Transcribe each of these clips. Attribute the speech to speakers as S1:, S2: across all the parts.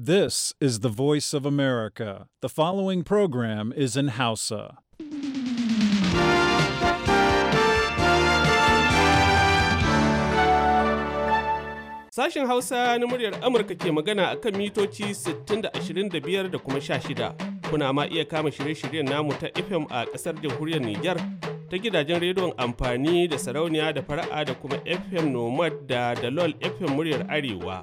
S1: This is the voice of America. The following program is in Hausa.
S2: Sashen Hausa na muryar Amurka ke magana a kan mitoci 60 da 25 da kuma 16. Kuna ma iya kama shirye-shiryen namu ta FM a ƙasar jamhuriyar Nijar ta gidajen rediyon amfani da sarauniya da fara'a da kuma FM Nomad da Dalol FM muryar Arewa.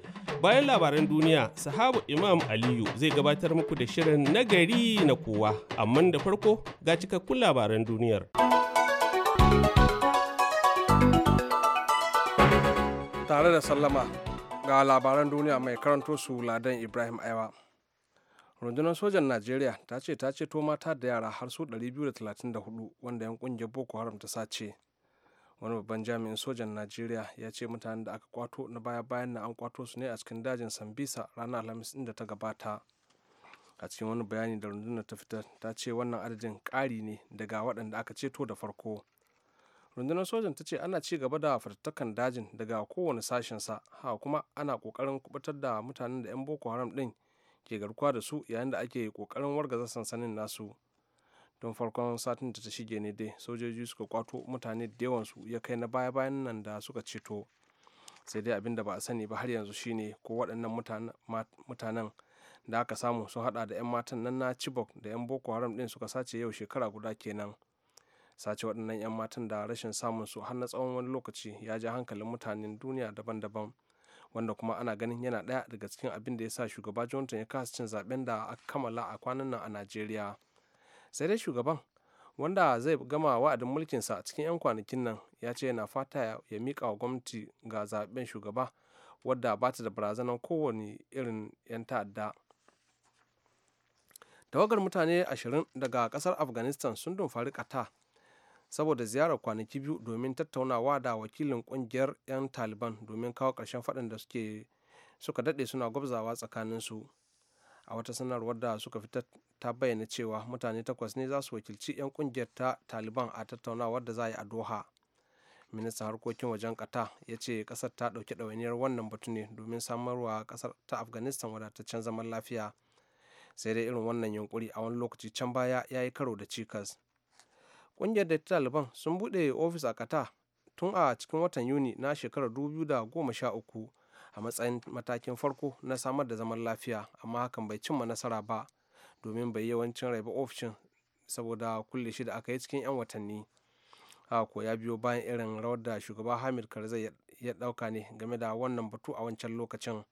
S2: Bayan labaran duniya, sahabu Imam Aliyu zai gabatar muku da shirin nagari na kowa, amma da farko ga cikakkun labaran duniyar.
S3: Tare da sallama ga labaran duniya mai karanto su Ladan Ibrahim Aiwa. rundunar sojan najeriya ta ce ta ceto mata da yara har su 234 wanda yan kungiyar boko haram ta sace wani babban jami'in sojan najeriya ya ce mutanen da aka kwato na baya bayan na an kwato su ne a cikin dajin sambisa ranar alhamis din da ta gabata a cikin wani bayani da rundunar ta fitar ta ce wannan adadin ƙari ne daga waɗanda aka ceto da farko rundunar sojan ta ce ana ci gaba da fatattakan dajin daga kowane sashen sa ha kuma ana ƙoƙarin kubutar da mutanen da 'yan boko haram ɗin ke garkuwa da su yayin da ake ƙoƙarin wargaza sansanin nasu don farkon satin da ta shige ne dai sojoji suka kwato mutane da yawansu ya kai na baya-bayan nan da suka ceto sai dai abin da ba a sani ba har yanzu shine ko waɗannan mutanen da aka samu sun hada da 'yan matan nan na chibok da 'yan boko haram din suka sace yau shekara guda kenan sace waɗannan 'yan matan da rashin samun su har na tsawon wani lokaci ya ja hankalin mutanen duniya daban-daban wanda kuma ana ganin yana ɗaya daga cikin abin da ya sa shugaba johnson ya kasa cin zaben da aka kammala a kwanan nan a najeriya sai dai shugaban wanda zai gama wa'adin mulkinsa a cikin 'yan kwanakin nan ya ce yana fata ya miƙa wa gwamnati ga zaɓen shugaba wadda ba ta da barazanar kowane irin 'yan ta'adda tawagar mutane 20 daga ƙasar afghanistan sun dumfari ƙata saboda ziyarar kwanaki biyu domin tattaunawa da wakilin kungiyar 'yan taliban domin kawo ƙarshen faɗin da suke suka daɗe suna gwabzawa tsakaninsu a wata sanarwar da suka fitar ta bayyana cewa mutane takwas ne za su wakilci 'yan kungiyar ta taliban a tattaunawar da za yi a doha ministan harkokin wajen kata ya ce kasar ta ɗauki ɗawainiyar wannan batu ne domin samarwa kasar ta afghanistan wadataccen zaman lafiya sai dai irin wannan yunkuri a wani lokaci can baya ya yi karo da cikas kungiyar da taliban sun buɗe ofis a kata tun a cikin watan yuni na shekarar 2013 a matsayin matakin farko na samar da zaman lafiya amma hakan bai cimma nasara ba domin bai yawancin raiba ofishin saboda kulle shi da aka yi cikin 'yan watanni a ko ya biyo bayan irin rawar da shugaba hamid karzai ya dauka ne game da wannan batu a wancan lokacin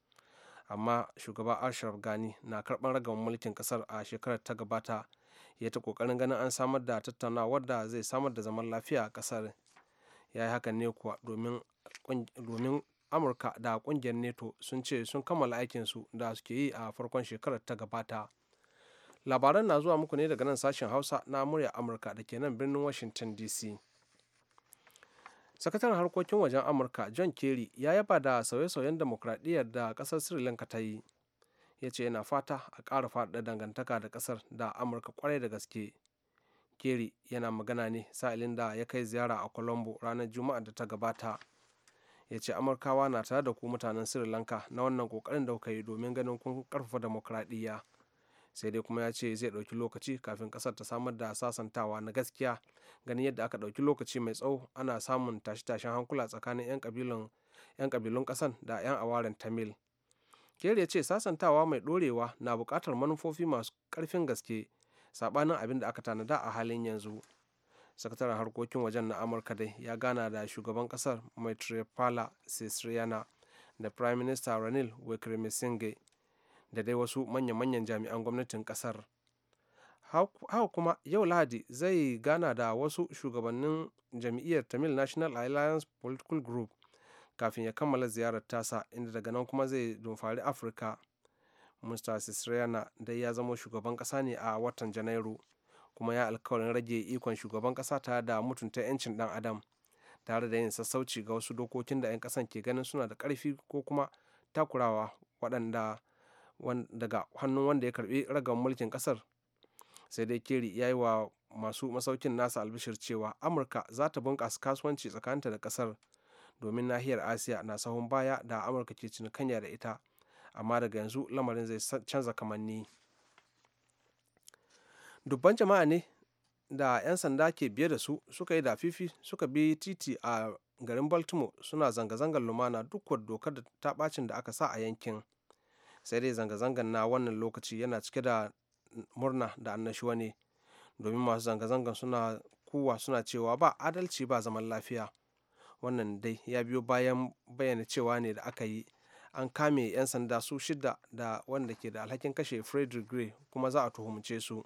S3: amma shugaba ashraf gani na karban ragaman mulkin kasar a shekarar ta gabata ya ta kokarin ganin an samar da tattaunawar da zai samar da zaman lafiya a kasar ya yi hakan ne kuwa domin amurka da kungiyar neto sun ce sun kammala aikinsu da suke yi a farkon shekarar ta gabata labaran na zuwa muku ne daga nan sashen hausa na murya amurka da ke nan birnin washington dc sakataren harkokin wajen amurka john kerry ya yaba da sauye-sauyen demokradiyyar da kasar sri lanka ta yi ya ce yana fata a ƙara faɗaɗa dangantaka da ƙasar da amurka kwarai da gaske kerry yana magana ne sa'ilin da ya kai ziyara a colombo ranar juma'a da ta gabata ya ce amurkawa na tare da ku mutanen sri lanka na wannan kokarin da kuka yi domin ganin kun karfafa demokradiyya sai dai kuma ya ce zai ɗauki lokaci kafin kasar ta samar da sasantawa na gaskiya ganin yadda aka ɗauki lokaci mai tsawo ana samun tashe-tashen hankula tsakanin 'yan kabilun ƙasan da 'yan awaren tamil kere ya ce sasantawa mai ɗorewa na bukatar manufofi masu karfin gaske saɓanin abin da aka tanada a halin yanzu. sakataren harkokin wajen na amurka dai ya gana da shugaban kasar maitrepala sisriana da prime minister ranil wickremesinghe da dai wasu manya-manyan jami'an gwamnatin kasar haka kuma yau lahadi zai gana da wasu shugabannin jam'iyyar tamil national alliance political group kafin ya kammala ziyarar tasa inda daga nan kuma zai dumfari afirka mr sisriana dai ya zama shugaban kasa ne a watan janairu kuma ya alkawarin rage ikon shugaban kasa tare da mutunta 'yancin dan adam tare da yin sassauci ga wasu dokokin da 'yan kasan ke ganin suna da karfi ko kuma takurawa waɗanda daga hannun wanda ya karbi ragan mulkin kasar sai dai keri ya yi wa masu masaukin nasa albishir cewa amurka za ta bunƙasa kasuwanci tsakaninta da kasar domin nahiyar asiya na sahun baya da amurka ke cinikanya da ita amma daga yanzu lamarin zai canza kamanni. dubban jama'a ne da 'yan sanda ke biye da su suka yi dafifi suka bi titi a garin baltimore suna zanga-zangar lumana duk dokar da ta bacin da aka sa a yankin sai dai zanga-zangar na wannan lokaci yana cike da murna da annashuwa ne domin masu zanga-zangar suna kuwa suna cewa ba adalci ba zaman lafiya wannan dai ya biyo bayan bayyana cewa ne da aka yi an kame 'yan sanda su shida da wanda ke da alhakin kashe frederick gray kuma za a tuhumce su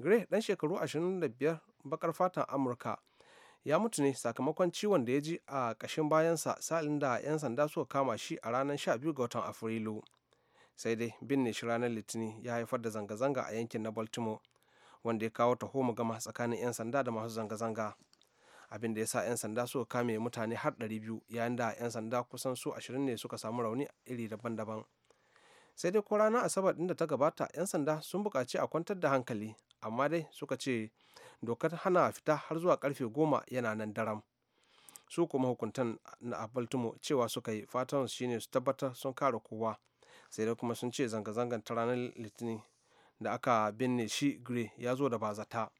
S3: gray dan shekaru 25 bakar fatan amurka ya mutu ne sakamakon ciwon da ya ji a ƙashin bayansa sa'ilin da 'yan sanda suka kama shi a ranar 12 ga watan afrilu sai dai binne shi ranar litinin ya haifar da zanga-zanga a yankin na baltimore wanda ya kawo taho gama tsakanin 'yan sanda da masu zanga-zanga abin da ya sa 'yan sanda suka kame mutane har 200 yayin da 'yan sanda kusan su 20 ne suka samu rauni iri daban-daban sai dai ko ranar asabar din da ta gabata 'yan sanda sun buƙaci a kwantar da hankali amma dai suka ce dokar hana fita har zuwa karfe goma yana nan daram su kuma hukuntan na baltimore cewa suka yi fatan shine su tabbatar sun kare kowa sai dai kuma sun ce zanga-zangan ta ranar litinin da aka binne shi gray ya zo da bazata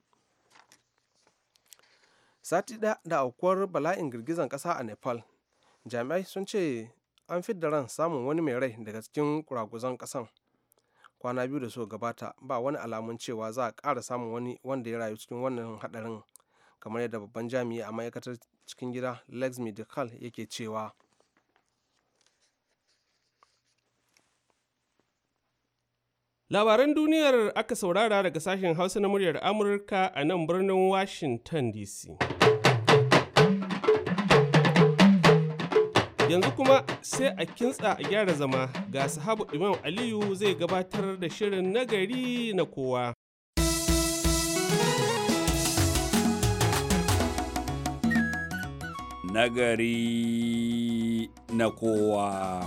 S3: sati ɗaya da aukuwar bala'in girgizan ƙasa a nepal jami'ai sun ce an fi da ran samun wani mai rai daga cikin kuraguzan ƙasan kwana biyu da suka gabata ba wani alamun cewa za a ƙara samun wani wanda ya rayu cikin wannan haɗarin kamar yadda babban jami'i a ma'aikatar cikin gida lex medical yake cewa
S2: labaran duniyar aka saurara daga sashen hausa na muryar amurka a nan birnin washington dc Yanzu kuma sai a kintsa a gyara zama ga sahabu Imam Aliyu zai gabatar da shirin nagari na kowa.
S4: Nagari na kowa.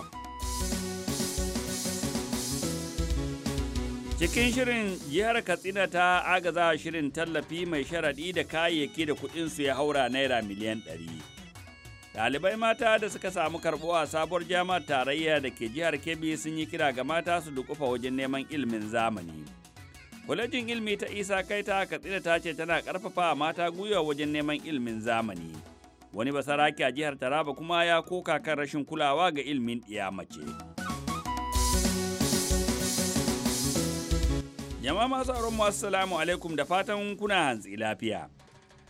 S4: Cikin shirin jihar Katsina ta agaza shirin tallafi mai sharaɗi da kayayyaki da kuɗinsu ya haura naira miliyan ɗari. Ɗalibai mata da suka samu karɓuwa a sabuwar jami'ar tarayya da ke jihar Kebbi sun yi kira ga mata su dukufa wajen neman ilimin zamani. Kwalejin ilimi ta Isa Kaita Katsina ta ce tana ƙarfafa mata gwiwa wajen neman ilimin zamani. Wani basaraki a jihar Taraba kuma ya koka kan rashin kulawa ga ilimin ɗiya mace. Jama'a masu aron mu assalamu alaikum da fatan kuna hantsi lafiya.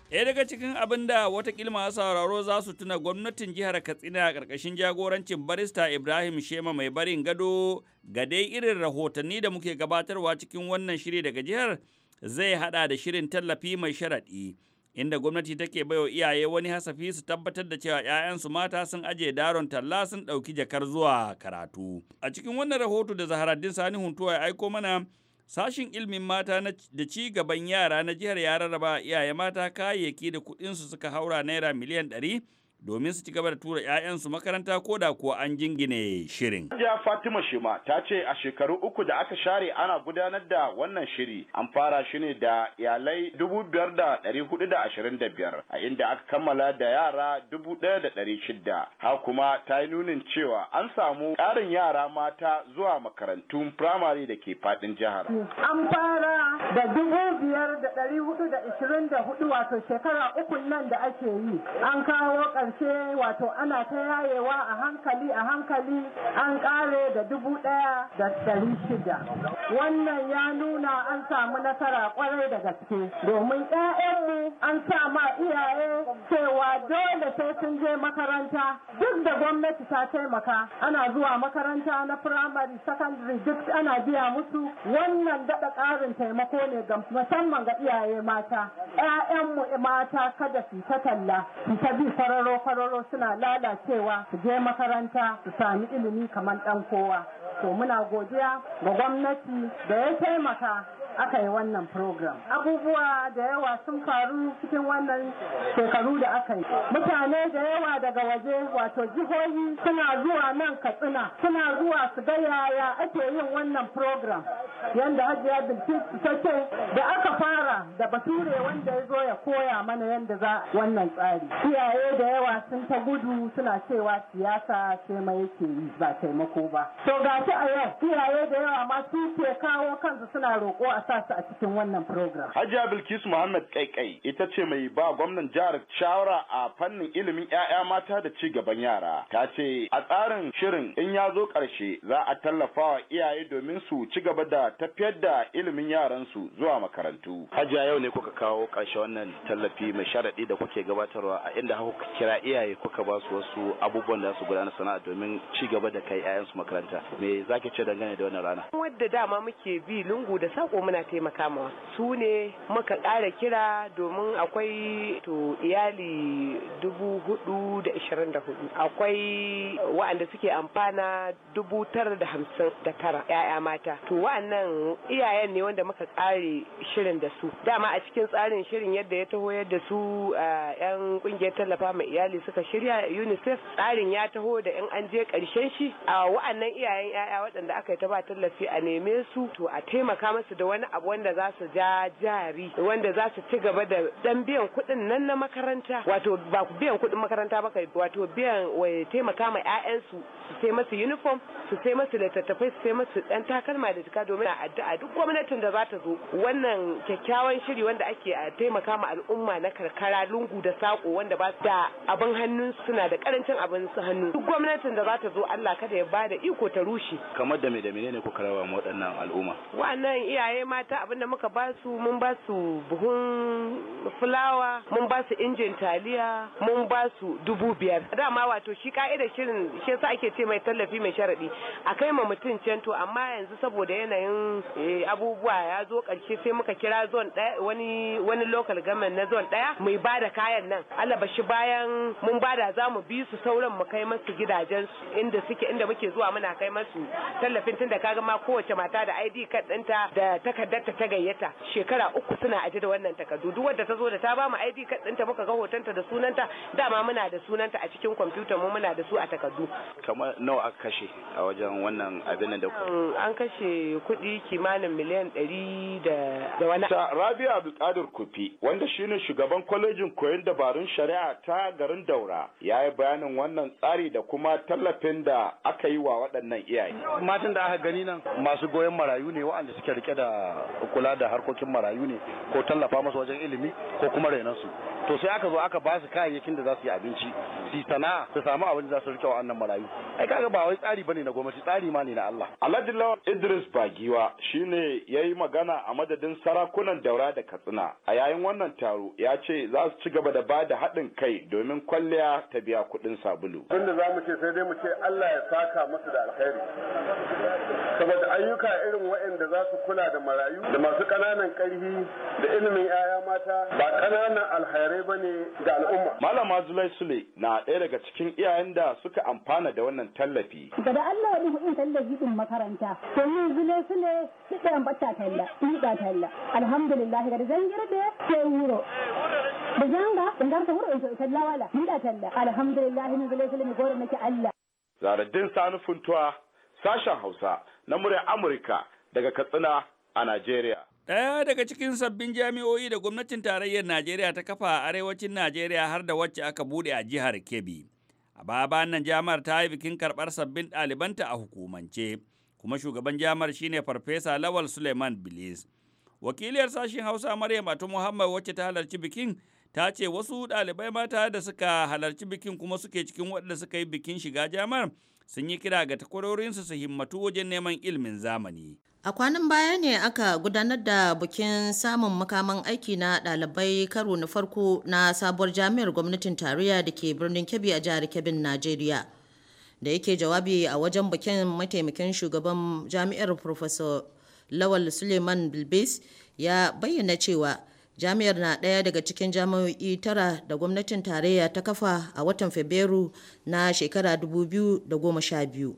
S4: Ɗaya daga cikin abin da watakila masu sauraro za su tuna gwamnatin jihar Katsina a ƙarƙashin jagorancin barista Ibrahim Shema mai barin gado ga dai irin rahotanni da muke gabatarwa cikin wannan shiri daga jihar zai haɗa da shirin tallafi mai sharaɗi. Inda gwamnati take baiwa iyaye wani hasafi su tabbatar da cewa 'ya'yansu mata sun aje daron talla sun ɗauki jakar zuwa karatu. A cikin wannan rahoto da Zaharaddin Sani Huntuwa ya aiko mana Sashin ilimin mata da ci gaban yara na jihar ya rarraba iyaye mata kayayyaki da kuɗinsu suka haura naira miliyan ɗari domin su ci gaba da tura 'ya'yansu makaranta ko da kuwa an jingine shirin.
S5: Ya Fatima Shima ta ce a shekaru uku da aka share ana gudanar da wannan shiri an fara shi ne da iyalai dubu a inda aka kammala da yara dubu Ha kuma ta yi nunin cewa an samu ƙarin yara mata zuwa makarantun firamare da ke faɗin jihar.
S6: An fara da dubu biyar da wato shekara ukun nan da ake yi an kawo kasance wato ana ta yayewa a hankali a hankali an ƙare da dubu ɗaya da dari shida. Wannan ya nuna an samu nasara kwarai da gaske domin mu an sa ma iyaye cewa dole sai sun je makaranta duk da gwamnati ta taimaka ana zuwa makaranta na firamare sakandare duk ana biya musu wannan daɗa ƙarin taimako ne ga musamman ga iyaye mata ‘ya'yanmu mata kada su ta talla su ta bi sararo. kwararo suna lalacewa su je makaranta su sami ilimi kamar ɗan kowa. To muna godiya ga gwamnati da ya taimaka aka yi wannan program abubuwa da yawa sun faru cikin wannan shekaru da aka yi mutane da yawa daga waje wato jihohi suna zuwa nan katsina suna zuwa su ga yaya ake yin wannan program yanda hajiya bilkis ta ce da aka fara da bature wanda ya zo ya koya mana yanda za wannan tsari iyaye da yawa sun ta gudu suna cewa siyasa sai mai yake yi ba taimako ba to ga a yau iyaye da yawa ma su ke kawo kansu suna roƙo a sa su a cikin wannan program.
S5: Hajiya Bilkisu Muhammad Kaikai ita ce mai ba gwamnan jihar shawara a fannin ilimin 'ya'ya mata da ci gaban yara. Ta ce a tsarin shirin in ya zo ƙarshe za a tallafa wa iyaye domin su ci gaba da tafiyar da ilimin yaransu zuwa makarantu. Hajiya yau ne kuka kawo ƙarshe wannan tallafi mai sharaɗi da kuke gabatarwa a inda kuka kira iyaye kuka ba su wasu abubuwan da su gudanar sana'a domin ci gaba da kai 'ya'yansu makaranta. Me zaki ce dangane da wannan rana?
S7: Wadda dama muke bi lungu da saƙo muna muna taimaka ma su ne muka ƙara kira domin akwai to iyali dubu hudu da ishirin da hudu akwai wa'anda suke amfana dubu tara da hamsin da tara ya'ya mata to wa'annan iyayen ne wanda muka ƙare shirin da su dama a cikin tsarin shirin yadda ya taho yadda su yan kungiyar tallafa mai iyali suka shirya unicef tsarin ya taho da in an je karshen shi a wa'annan iyayen ya'ya waɗanda aka yi ta ba tallafi a neme su to a taimaka masu da wani abu wanda za su ja jari wanda za su ci gaba da dan biyan kuɗin nan na makaranta wato ba ku biyan kuɗin makaranta ba wato biyan taimaka ma 'ya'yansu su sai masu uniform su sai masu littattafai su sai masu dan takalma da jika domin a addu'a duk gwamnatin da za ta zo wannan kyakkyawan shiri wanda ake a taimaka ma al'umma na karkara lungu da sako wanda ba da abin hannun suna da karancin abin su hannu duk gwamnatin da za ta zo Allah kada ya bada iko ta rushe kamar da
S5: me da menene ko karawa waɗannan al'umma
S7: wannan iyaye mata abinda muka ba su mun ba su buhun fulawa mun ba su injin taliya mun ba su dubu biyar dama wato shi ka'idar shirin shi yasa ake ce mai tallafi mai sharaɗi a kai ma mutum can to amma yanzu saboda yanayin eh, abubuwa ya zo karshe sai muka kira zon ɗaya wani wani local na zon daya mai ba da kayan nan Allah bashi bayan mun ba da za mu bi su sauran mu kai masu gidajen inda suke inda muke zuwa muna kai masu tallafin tun da kaga ma kowace mata da ID kaɗanta. da ta takardarta ta gayyata shekara uku suna aje da wannan takardu duk wadda ta zo da ta ba mu ID card ɗinta muka ga hotonta da sunanta dama muna da sunanta a cikin kwamfutar mu muna da su a takardu kamar nawa
S5: aka kashe a wajen wannan abin da ku
S7: mm, an kashe kuɗi kimanin miliyan ɗari da wani
S5: Rabia Abdulkadir Kufi wanda shine shugaban kwalejin koyon dabarun shari'a ta garin Daura ya yi bayanin wannan tsari da kuma tallafin da aka yi wa waɗannan iyaye matan da aka gani nan masu goyon marayu ne waɗanda suke rike da kula da harkokin marayu ne ko tallafa masu wajen ilimi ko kuma su to sai aka zo aka ba su kayayyakin da za su yi abinci su sana'a su samu abin da za su rike wa'annan marayu ai kaga ba wai tsari bane na gwamnati tsari ma ne na Allah Alhaji Idris Bagiwa shine yayi magana a madadin sarakunan Daura da Katsina a yayin wannan taro ya ce za su ci gaba da ba da haɗin kai domin kwalliya ta biya kuɗin sabulu tunda za mu ce sai dai mu ce Allah ya saka musu da alkhairi saboda ayyuka irin waɗanda za su kula da marayu marayu da masu ƙananan ƙarfi da ilimin 'ya'ya mata ba ƙananan alhairai ba ne ga al'umma. Malama Zulai Sule na ɗaya daga cikin iyayen da suka amfana da wannan tallafi.
S6: Ga da Allah wani hudun tallafi ɗin makaranta. To ni Zulai Sule suka ɗan bata talla, tuɗa talla. Alhamdulillah ga da zan da sai wuro. Da zanga, zangar garta wuro in talla wala, ɗa talla. Alhamdulillah ni Zulai Sule ni gore nake Allah.
S5: Zaraddin Sani Funtuwa, sashen Hausa na murya Amurka daga Katsina a Najeriya.
S4: Ɗaya daga cikin sabbin jami'o'i da gwamnatin tarayyar Najeriya ta kafa a arewacin Najeriya har da wacce aka buɗe a jihar Kebbi. A baya nan jami'ar ta yi bikin karɓar sabbin ɗalibanta a hukumance, kuma shugaban jami'ar shine Farfesa Lawal Suleiman Bilis. Wakiliyar sashen Hausa Maryam Atu Muhammad wacce ta halarci bikin ta ce wasu ɗalibai mata da suka halarci bikin kuma suke cikin waɗanda suka yi bikin shiga jami'ar sun yi kira ga takwarorinsu su himmatu wajen neman ilimin zamani.
S8: A kwanan baya ne aka gudanar da bukin samun makaman aiki na ɗalibai karo na farko na sabuwar jami'ar gwamnatin tarayya da ke birnin Kebbi a jihar Kebbin, Najeriya. Da yake jawabi a wajen bukin mataimakin shugaban jami'ar Professor Lawal Suleiman Bilbis ya bayyana cewa Jami'ar na ɗaya daga cikin jami'o'i tara da gwamnatin tarayya ta kafa a watan Fabrairu na shekara 2012.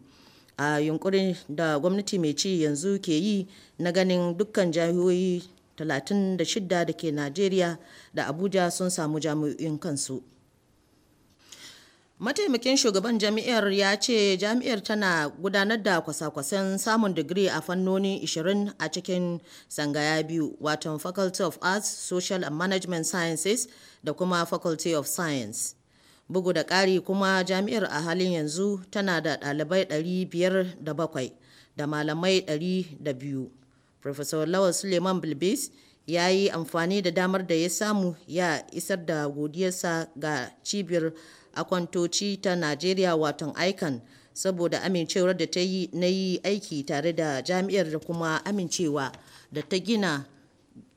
S8: A yunkurin da gwamnati mai ci yanzu ke yi na ganin dukkan jami'o'i 36 da ke Najeriya da Abuja sun samu jami'o'in kansu. Mataimakin shugaban jami'ar ya ce jami'ar tana gudanar da kwasa-kwasan samun digiri a fannoni 20 a cikin sangaya biyu, watan Faculty of Arts, Social and Management Sciences da kuma Faculty of Science. Bugu da ƙari kuma jami'ar a halin yanzu tana da ɗalibai 507 da malamai 200. Professor Lawal Suleiman Bilbis ya yi amfani da damar da ya samu ya isar da godiyarsa ga cibiyar a kwantoci ta Najeriya watan ICAN saboda amincewar da ta yi na yi aiki tare da jami'ar da kuma amincewa da ta gina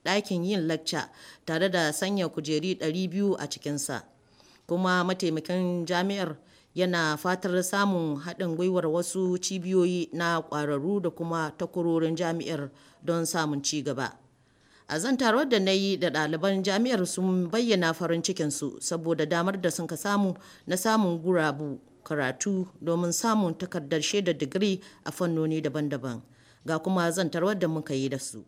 S8: ɗakin yin lacca tare da sanya kujeri 200 a cikinsa kuma mataimakin jami'ar yana fatar samun haɗin gwiwar wasu cibiyoyi na ƙwararru da kuma takwarorin jami'ar don samun ci gaba. a zan zantarwar da na yi da ɗaliban jami'ar sun bayyana farin cikinsu saboda damar da sun ka samu na samun gurabu karatu domin samun takardar shaidar digiri a fannoni daban-daban ga kuma zan zantarwar da muka yi da su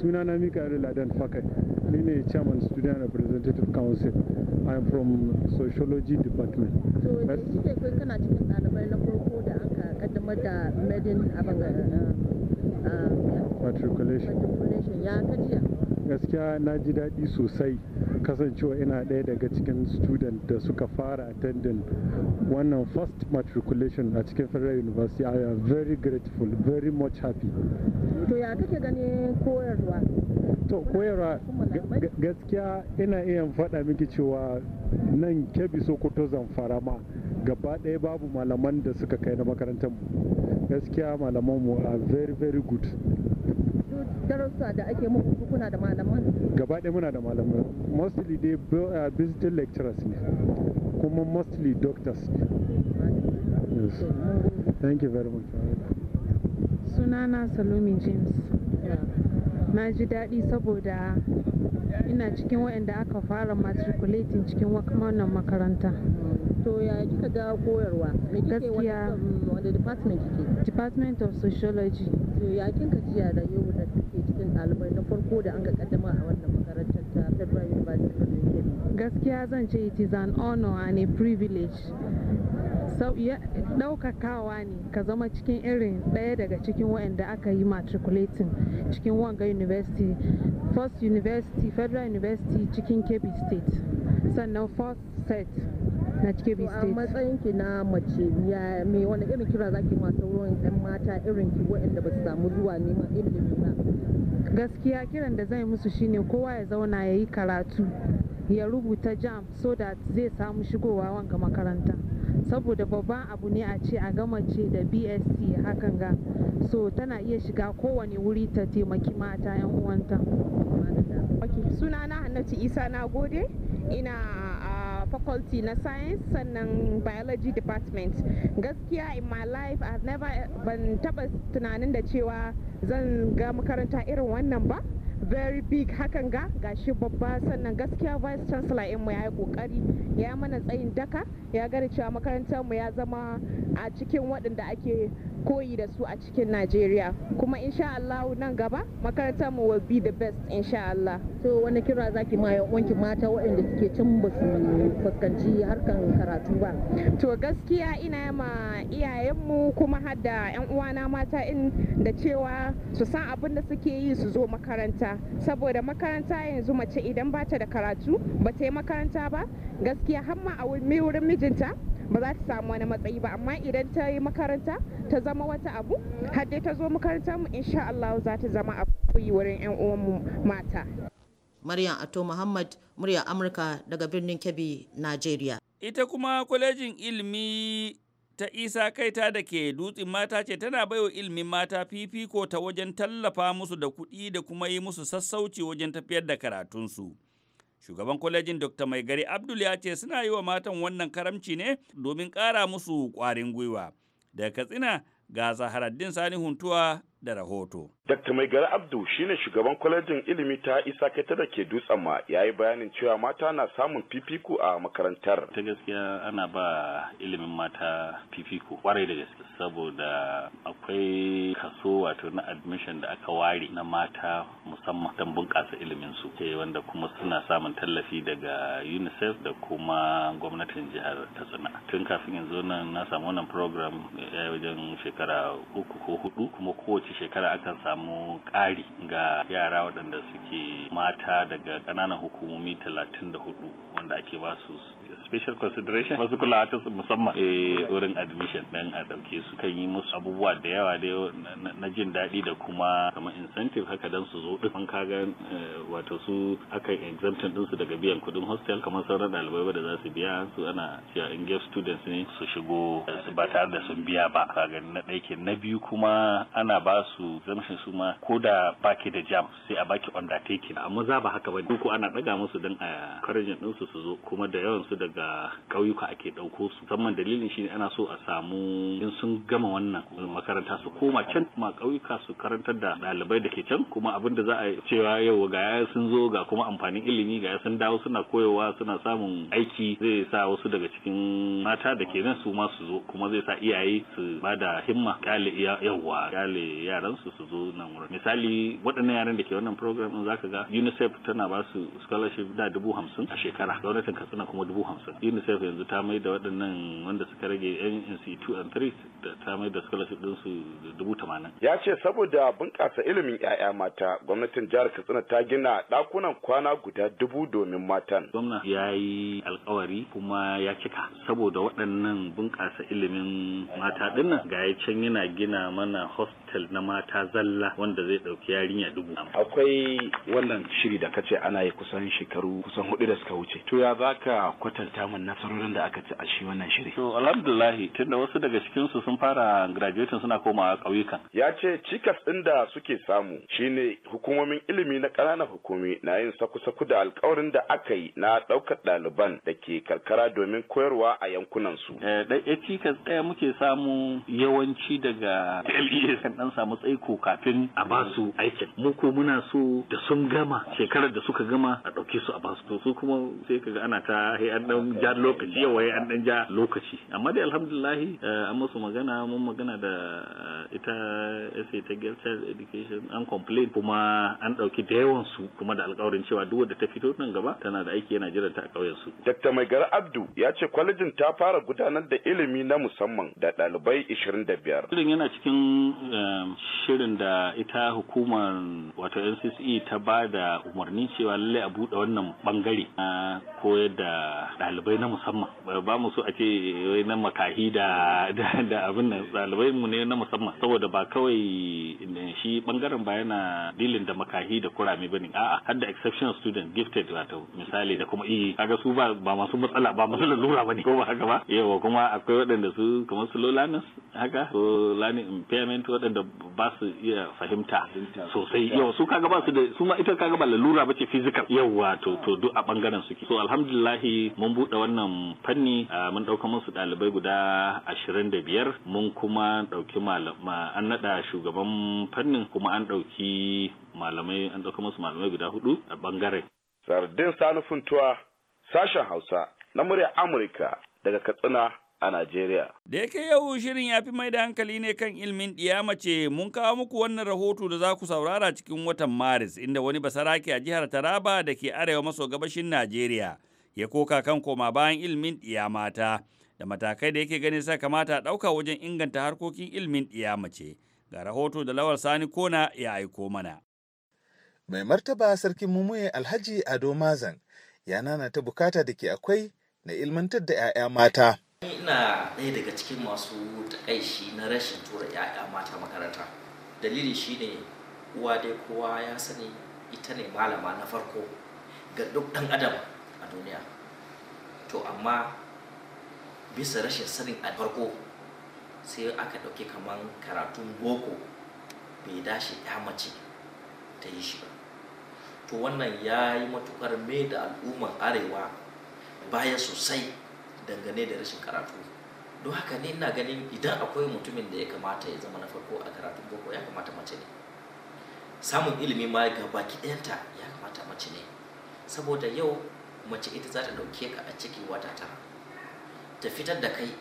S1: sunana mikael ladan fakai ni ne chairman student representative council i am from sociology department so da kike
S8: kai kana cikin ɗalibai na farko da aka kaddamar da medin a bangaren
S1: matriculation ya kajiya gaskiya na ji daɗi sosai kasancewa ina ɗaya daga cikin student da suka fara attending wannan first matriculation a cikin federal university i am very grateful very much happy to ya kake ganin koyarwa to koyarwa gaskiya ina iya faɗa miki cewa nan kebi sokoto zamfara ma gaba ɗaya babu malaman da suka kai na makarantar mu gaskiya malaman mu are very very good
S8: darussa da ake muku kuna da malaman
S1: gaba ɗaya muna da malaman mostly dai eh, visiting lecturers ne kuma mostly doctors ne yes. thank you very much sunana salome james na ji daɗi saboda ina cikin waɗanda aka fara matriculating cikin wannan makaranta to ya kika ga koyarwa me kike wanda department kike department of sociology to ya kin kajiya da yau da kike cikin ɗalibai na farko da an ka kaddama a wannan makarantar ta federal university of gaskiya zan ce it is an honor and a privilege ɗaukakawa ne ka zama cikin irin ɗaya daga cikin waɗanda aka yi matriculating cikin wanga university first university federal university cikin kebbi state sannan first set na cikin bi state a matsayin ki na mace ya me wani irin kira zaki ma sauran yan mata irin ki waɗanda ba su samu zuwa neman ilimi ba gaskiya kiran da zai musu shine kowa ya zauna ya yi karatu ya rubuta jam so da zai samu shigowa wanga makaranta saboda babban abu ne a ce a ga mace da bsc hakan ga so tana iya
S9: shiga kowane wuri ta taimaki mata 'yan uwanta sunana hannatu isa na gode ina faculty na science sannan biology department gaskiya in my life i've never eh, ban taba tunanin da cewa zan ga makaranta irin wannan ba very big hakan ga gashi babba sannan gaskiya vice chancellor in mu ya yi kokari ya mana tsayin daka ya gani cewa makarantar mu ya zama a cikin waɗanda ake koyi da su a cikin Najeriya kuma insha Allah nan gaba makarantar mu will be the best insha Allah to wani kira zaki
S8: ma wanki mata waɗanda suke can ba su fuskanci harkan karatu ba
S9: to gaskiya ina ma iyayenmu kuma har da yan uwana mata in da cewa su san abin da suke yi su zo makaranta saboda makaranta yanzu mace idan ba ta da karatu ba ta yi makaranta ba gaskiya hamma a wurin mijinta ba za ta samu wani matsayi ba amma idan ta yi makaranta ta zama wata abu har ta zo makaranta mu insha Allah za ta zama a koyi wurin yan uwanmu mata
S8: Maryam Ato Muhammad murya Amurka daga birnin Kebbi Najeriya
S4: ita kuma kwalejin ilimi ta isa kaita da ke dutsen mata ce tana baiwa ilimin mata fifiko ta wajen tallafa musu da kuɗi da kuma yi musu sassauci wajen tafiyar da karatunsu. Shugaban kwalejin Dr. maigari Abdul ya ce suna yi wa matan wannan karamci ne domin ƙara musu ƙwarin gwiwa. Daga Katsina ga Zaharaddin Sani Huntuwa da rahoto.
S5: Dr. Mai Gara Abdu shine shugaban kwalejin ilimi ta isa da ke dutsen ma ya yi bayanin cewa mata na samun fifiko a makarantar.
S10: Ta gaskiya ana ba ilimin mata fifiko kwarai da gaske saboda akwai kaso wato na admission da aka ware na mata musamman don bunƙasa ilimin su wanda kuma suna samun tallafi daga UNICEF da kuma gwamnatin jihar Katsina. Tun kafin yanzu nan na samu wannan program ya eh, wajen shekara uku ko hudu kuma kowace kowace shekara akan samu ƙari ga yara waɗanda suke mata daga ƙananan hukumomi talatin da hudu wanda ake ba su special consideration wasu kula ta musamman eh wurin admission dan a dauke su kan yi musu abubuwa da yawa da na jin daɗi da kuma kamar incentive haka dan su zo duk kaga eh, wato su akan exemption din su daga biyan kuɗin. hostel kamar sauran ɗalibai da za su biya su ana cewa in gave students ne su shigo su eh, ba tare da sun biya ba kaga na ɗaya na biyu kuma ana ba su exemption su ma ko da baki da jam sai a baki undertaking amma za ba haka ba ne. ko ana ɗaga musu dan a karajin din su su zo kuma da yawan su daga ƙauyuka ake ɗauko su musamman dalilin shine ana so a samu in sun gama wannan makaranta su koma can kuma ƙauyuka su karantar da ɗalibai da ke can kuma abin da za a cewa yau ga ya sun zo ga kuma amfanin ilimi ga ya sun dawo suna koyowa suna samun aiki zai sa wasu daga cikin mata da ke nan su ma su zo kuma zai sa iyaye su ba da himma kyale yawa kyale yaran su su zo nan wurin misali waɗannan yaran da ke wannan program din zaka ga UNICEF tana ba su scholarship da dubu hamsin a shekara gwamnatin katsina kuma dubu hamsin unicef yanzu ta mai da waɗannan wanda suka rage yan nc2 and 3 da ta mai da scholarship ɗinsu dubu tamanin ya
S5: ce saboda bunƙasa ilimin 'ya'ya mata gwamnatin jihar katsina ta gina ɗakunan kwana guda dubu domin matan
S10: gwamna ya yi alkawari kuma ya cika saboda waɗannan bunƙasa ilimin mata ɗinnan ga ya can yana gina mana hostel na mata zalla wanda zai ɗauki yarinya dubu akwai wannan shiri da kace ana yi
S5: kusan shekaru kusan hudu da suka wuce To
S10: ya za ka kwatanta mun nasarorin da aka ci a shi wannan shiri? To alhamdulahi tunda wasu daga cikin su sun fara graduation suna komawa kauyuka Ya ce
S5: cikas ɗin da suke samu shine hukumomin ilimi na ƙananan hukumi na yin saku-saku da alƙawarin da aka yi na ɗaukar ɗaliban da ke karkara domin koyarwa a yankunan
S10: su. Eh, ɗaya eh, cikas ɗaya muke samu yawanci daga LEA kan ɗan samu tsaiko kafin a ba su aikin. Mu ko muna so da sun gama shekarar da suka gama a ɗauke su a ba su to su kuma sai sai kaga ana ta hai an dan ja lokaci yawa an dan ja lokaci amma dai alhamdulillah eh, an musu magana mun magana da eh, ita SA ta Girl Education an complain kuma an dauki da yawan su kuma da alƙawarin cewa duk wanda ta fito nan gaba tana da aiki yana jiran ta a ƙauyen su
S5: Dr. Maigara Abdu ya ce kwalejin ta fara gudanar da ilimi na musamman da ɗalibai 25
S10: Shirin yana cikin eh, shirin da ita hukumar wato NCCE ta ba da umarni cewa lallai a buɗe wannan bangare koyar da ɗalibai na musamman ba mu so a ce wai na makahi da da abin nan ɗalibai mu ne na musamman saboda ba kawai shi bangaren ba yana dilin da makahi da kurame bane a'a har da exceptional student gifted wato misali da kuma iyi eh, kaga su ba ba masu matsala ba masu lura bane ko ba haka ba yawa kuma akwai waɗanda su kamar su low learners haka so learning impairment waɗanda ba su iya fahimta sosai yawa su kaga ba su da su ma ita kaga ba lalura bace physical yawa to to duk a bangaren suke so alhamdulillahi mun buɗe wannan fanni mun ɗauka musu ɗalibai guda ashirin da biyar mun kuma ɗauki malama an naɗa shugaban fannin kuma an ɗauki malamai an ɗauka musu malamai guda hudu a ɓangaren.
S5: Sardin tuwa sashen Hausa na murya Amurka daga Katsina a Najeriya.
S4: Da yake yau shirin ya fi mai da hankali ne kan ilmin mace mun kawo muku wannan rahoto da za ku saurara cikin watan Maris inda wani basarake a jihar Taraba da ke arewa maso gabashin Najeriya ya koka kan koma bayan ilmin mata da matakai da yake ganin sa kamata a ɗauka wajen inganta harkokin ilmin mace. Ga rahoto da Lawal Sani Kona
S11: ya aiko mana. Mai martaba sarkin mumuye Alhaji Ado Mazan ya nana ta bukata da ke akwai na ilmantar da 'ya'ya mata.
S12: ina ɗaya daga cikin masu taƙaishi na rashin tura 'ya'ya mata makaranta dalili shine uwa dai kowa ya sani ita ne malama na farko ga duk ɗan adam a duniya to amma bisa rashin sanin a farko sai aka ɗauki kamar karatun boko bai dashi ya mace ta yi shi ba to wannan ya yi matukar mai da al'ummar arewa baya sosai dangane da rashin karatu don haka ne ina ganin idan akwai mutumin da ya kamata ya zama na farko a karatun boko ya kamata mace ne samun ilimi ma ga baki ɗayanta ya kamata mace ne saboda yau mace ita za ta ɗauke ka a ciki wata tara ta fitar da kai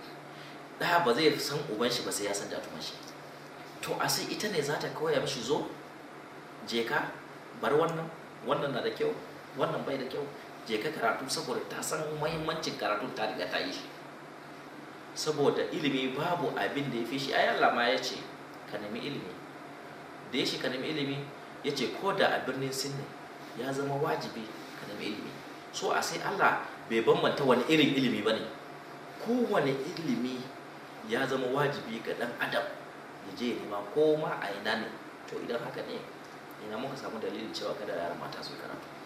S12: ɗaya ba zai san uban shi ba sai ya san datuman shi to a sai ita ne za ta koya mishi zo je ka bar wannan wannan na da kyau wannan bai da kyau je ka karatu saboda ta san muhimmancin karatu ta riga ta yi saboda ilimi babu abin da ya fi shi ayi ma ya ce ka nemi ilimi da ya shi ka nemi ilimi ya ce ko da a birnin sinne ya zama wajibi ka nemi ilimi so a sai Allah bai bambanta wani irin ilimi ba ne kowane ilimi ya zama wajibi ga dan adam ya je nema ko ma a ina ne to idan haka ne ina muka samu dalilin cewa kada yara mata su karatu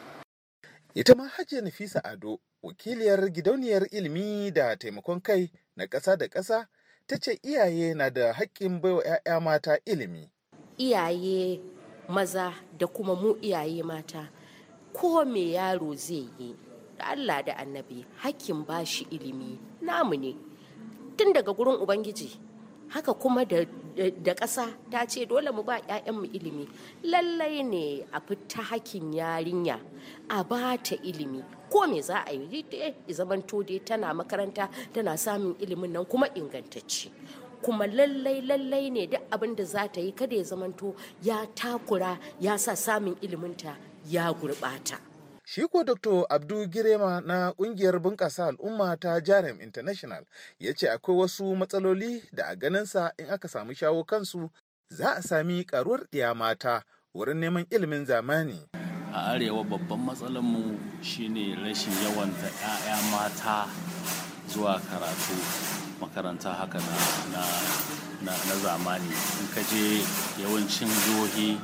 S11: Ita ma Hajiya Nafisa Ado, wakiliyar gidauniyar ilimi da taimakon kai na ƙasa da ƙasa, ta ce iyaye na da haƙƙin baiwa 'ya'ya mata ilimi.
S8: Iyaye maza da kuma mu iyaye mata, ko me yaro zai yi, da Allah da annabi hakkin shi ilimi namu ne, tun daga gurin Ubangiji. haka kuma da ƙasa ta ce dole mu ba mu ilimi lallai ne a fita hakin yarinya a ba ta ilimi ko me za a yi dai zamanto dai tana makaranta tana samun ilimin nan kuma ingantacce kuma lallai lallai ne duk abin da za ta yi kada ya zamanto ya takura ya sa samun iliminta
S11: ya gurɓata. Shi ko Dr. Abdu Girema na ƙungiyar bunƙasa al'umma ta Jarem International ya ce akwai wasu matsaloli da a ganinsa in aka samu shawo kansu za a sami ƙaruwar ɗiya mata wurin neman ilimin zamani. A arewa babban matsalar mu shine rashin ta 'ya'ya mata zuwa karatu
S10: makaranta haka na, zamani. In ka je yawancin jihohi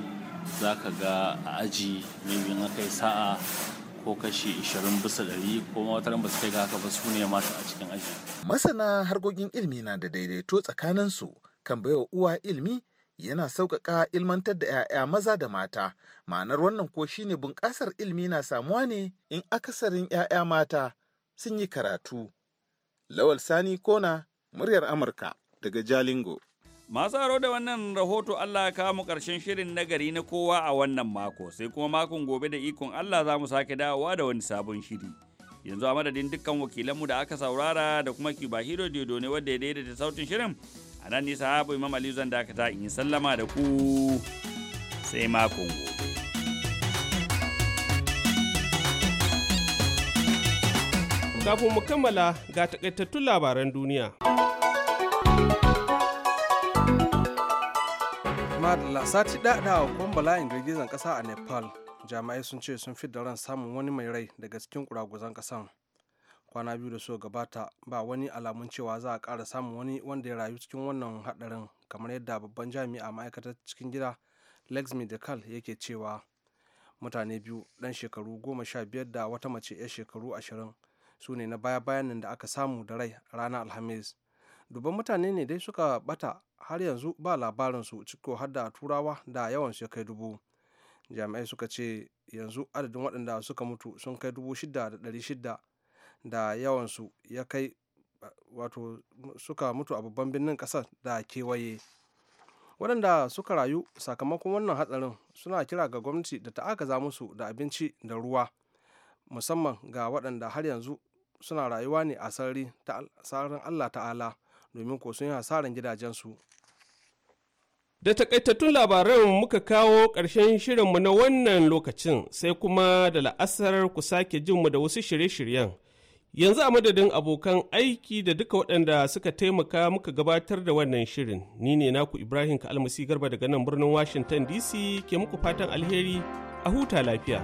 S10: za ka ga a aji mai aka sa'a ko kashi 20 bisa ɗari ko wataran ba su kai ga haka ba su ne mata a cikin aji.
S11: Masana harkokin ilimi na da daidaito tsakaninsu kan baiwa uwa ilimi yana sauƙaƙa ilmantar da 'ya'ya maza da mata ma'anar wannan ko shi ne bunƙasar ilimi na samuwa ne in akasarin 'ya'ya mata sun yi karatu. Lawal Sani Kona, muryar Amurka daga Jalingo.
S4: Masu aro da wannan rahoto Allah ya kawo mu ƙarshen shirin nagari na kowa a wannan mako sai kuma makon gobe da ikon Allah za mu sake dawowa da wani sabon shiri. Yanzu a madadin dukkan wakilanmu da aka saurara da kuma Kiba Hiro Diodo ne wadda ya daidaita sautin shirin. A nan nisa habu Imam Aliyu zan dakata in yi sallama da ku sai makon gobe.
S2: Kafin mu kammala ga takaitattun labaran duniya.
S3: madalla sati dada kuma bala'in girgizan kasa a nepal jami'ai sun ce sun da ran samun wani mai rai daga cikin kuraguzan kasan kwana biyu da so gabata ba wani alamun cewa za a ƙara samun wani wanda ya rayu cikin wannan haɗarin kamar yadda babban jami'a ma'aikatar cikin gida lexmi dekal yake cewa mutane biyu ɗan shekaru goma sha biyar da wata mace 'yar shekaru ashirin su ne na baya bayan nan da aka samu da rai ranar alhamis dubban mutane ne dai suka bata har yanzu ba labarinsu ciko har da turawa da yawan su ya kai dubu jami'ai suka ce yanzu adadin waɗanda suka mutu sun kai dubu shida da ɗari shida da yawansu ya kai wato suka mutu a babban birnin ƙasar da kewaye waɗanda suka rayu sakamakon wannan hatsarin suna kira ga gwamnati da ta agaza musu da abinci da ruwa musamman ga waɗanda har yanzu suna rayuwa ne a sarari ta allah ta'ala domin ko sun yi hasaran gidajensu Da takaitattun labaran
S2: muka kawo ƙarshen shirinmu na wannan lokacin sai kuma da la'asar ku sake jinmu da wasu shirye-shiryen. Yanzu a madadin abokan aiki da duka waɗanda suka taimaka muka gabatar da wannan shirin, ni ne naku Ibrahim Kalmasi Garba daga nan birnin Washington DC ke muku fatan alheri a huta lafiya.